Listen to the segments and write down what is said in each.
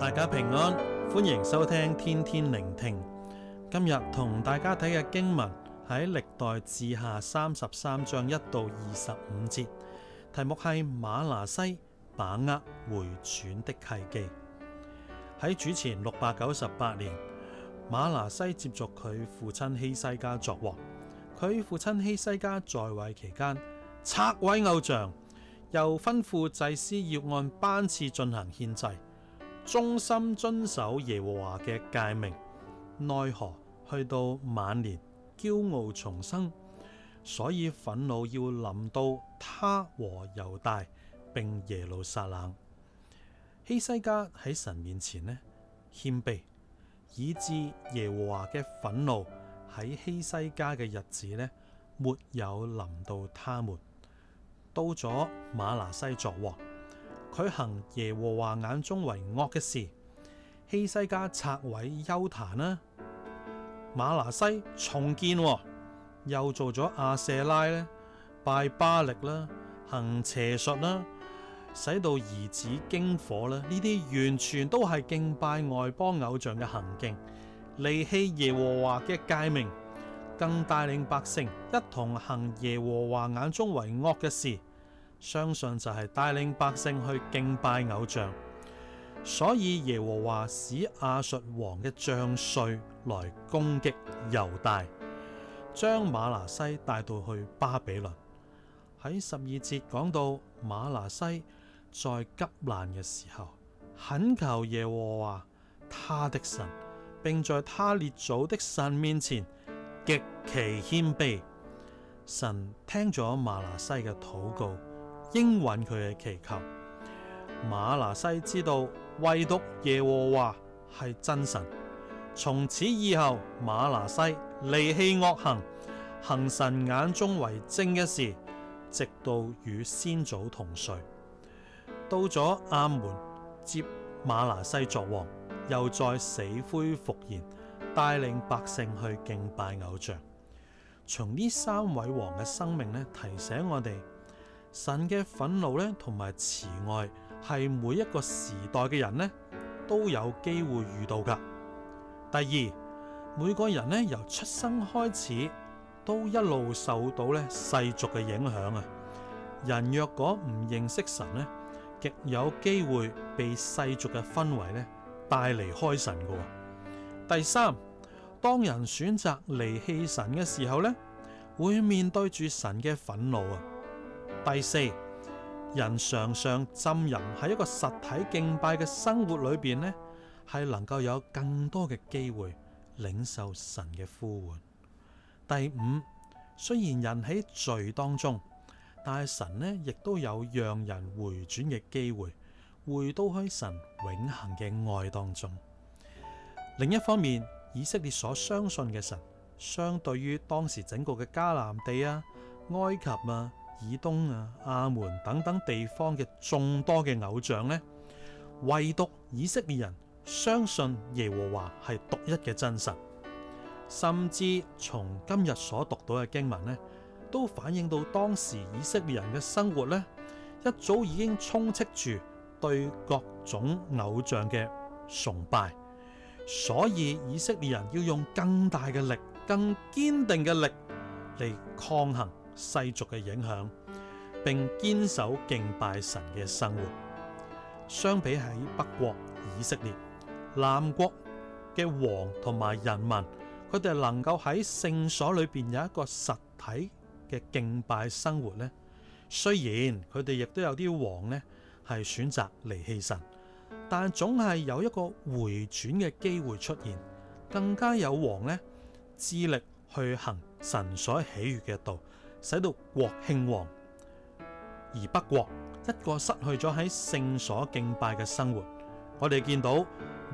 大家平安，歡迎收聽天天靈聽。今日同大家睇嘅經文喺歷代志下三十三章一到二十五節，題目係馬拿西把握回轉的契機。喺主前六百九十八年，馬拿西接續佢父親希西家作王。佢父親希西家在位期間，拆毀偶像，又吩咐祭司要按班次進行獻祭。忠心遵守耶和華嘅誡命，奈何去到晚年驕傲叢生，所以憤怒要臨到他和猶大，並耶路撒冷。希西家喺神面前呢謙卑，以致耶和華嘅憤怒喺希西家嘅日子呢沒有臨到他們。到咗瑪拿西作王。佢行耶和華眼中為惡嘅事，希西家拆毀邱壇啦，瑪拿西重建，又做咗亞舍拉咧，拜巴力啦，行邪術啦，使到兒子經火啦，呢啲完全都係敬拜外邦偶像嘅行徑，離棄耶和華嘅誡命，更帶領百姓一同行耶和華眼中為惡嘅事。相信就係帶領百姓去敬拜偶像，所以耶和華使亞述王嘅將帥來攻擊猶大，將馬拿西帶到去巴比倫。喺十二節講到馬拿西在急難嘅時候，懇求耶和華他的神，並在他列祖的神面前極其謙卑。神聽咗馬拿西嘅禱告。應允佢嘅祈求。馬拿西知道唯獨耶和華係真神，從此以後馬拿西離棄惡行，行神眼中為正嘅事，直到與先祖同睡。到咗亞們接馬拿西作王，又再死灰復燃，帶領百姓去敬拜偶像。從呢三位王嘅生命呢，提醒我哋。神嘅忿怒咧，同埋慈愛係每一個時代嘅人咧都有機會遇到噶第二，每個人咧由出生開始都一路受到咧世俗嘅影響啊。人若果唔認識神咧，極有機會被世俗嘅氛圍咧帶離開神噶第三，當人選擇離棄神嘅時候咧，會面對住神嘅忿怒啊。第四，人常常浸淫喺一個實體敬拜嘅生活裏邊呢，係能夠有更多嘅機會領受神嘅呼喚。第五，雖然人喺罪當中，但係神呢亦都有讓人回轉嘅機會，回到去神永恒嘅愛當中。另一方面，以色列所相信嘅神，相對於當時整個嘅迦南地啊、埃及啊。以東啊、亞捫等等地方嘅眾多嘅偶像呢，唯獨以色列人相信耶和華係獨一嘅真神。甚至從今日所讀到嘅經文呢，都反映到當時以色列人嘅生活呢，一早已經充斥住對各種偶像嘅崇拜，所以以色列人要用更大嘅力、更堅定嘅力嚟抗衡，世俗嘅影響，並堅守敬拜神嘅生活。相比喺北國以色列、南國嘅王同埋人民，佢哋能夠喺聖所裏邊有一個實體嘅敬拜生活呢。雖然佢哋亦都有啲王呢係選擇離棄神，但係總係有一個回轉嘅機會出現，更加有王呢致力去行神所喜悅嘅道。使到國興旺。而北國，一個失去咗喺聖所敬拜嘅生活。我哋見到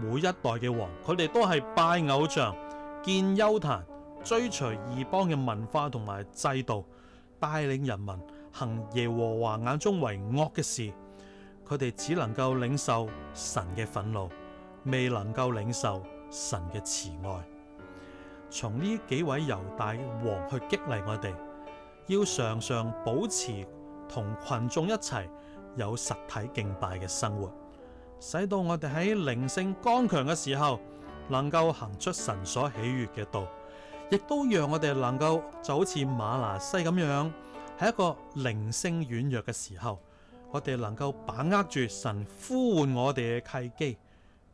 每一代嘅王，佢哋都係拜偶像、建邱壇、追隨異邦嘅文化同埋制度，帶領人民行耶和華眼中為惡嘅事。佢哋只能夠領受神嘅憤怒，未能夠領受神嘅慈愛。從呢幾位猶大王去激勵我哋。要常常保持同群眾一齊有實體敬拜嘅生活，使到我哋喺靈性剛強嘅時候，能夠行出神所喜悅嘅道，亦都讓我哋能夠就好似馬拿西咁樣，喺一個靈性軟弱嘅時候，我哋能夠把握住神呼喚我哋嘅契機，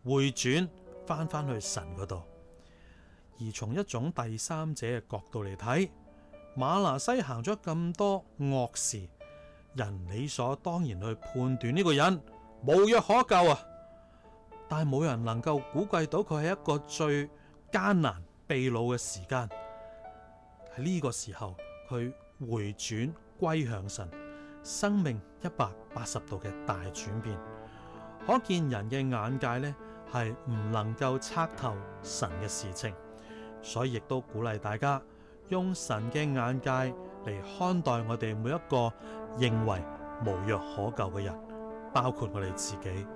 回轉翻翻去神嗰度。而從一種第三者嘅角度嚟睇，馬拿西行咗咁多惡事，人理所當然去判斷呢個人無藥可救啊！但係冇人能夠估計到佢係一個最艱難被擄嘅時間。喺呢個時候，佢回轉歸向神，生命一百八十度嘅大轉變。可見人嘅眼界呢，係唔能夠測透神嘅事情，所以亦都鼓勵大家。用神嘅眼界嚟看待我哋每一個認為無藥可救嘅人，包括我哋自己，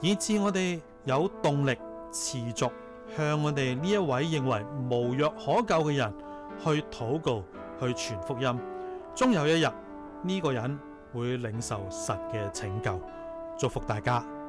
以致我哋有動力持續向我哋呢一位認為無藥可救嘅人去禱告、去傳福音，終有一日呢個人會領受神嘅拯救。祝福大家。